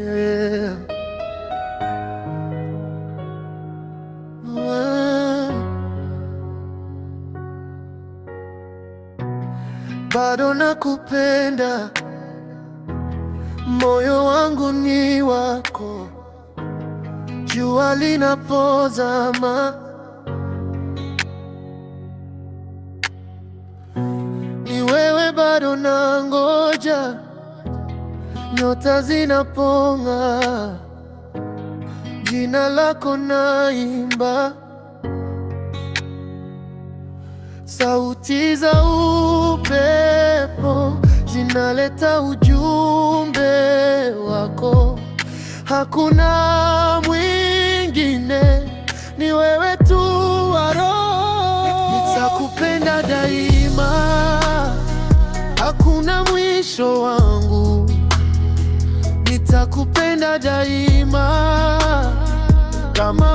yeah. Bado nakupenda, moyo wangu ni wako. Jua linapozama, ni wewe bado nangoja nyota zinapong'a, jina lako naimba, sauti za upepo zinaleta ujumbe wako. Hakuna mwingine, ni wewe tu wa roho. Nitakupenda daima, hakuna mwisho wangu nitakupenda daima kama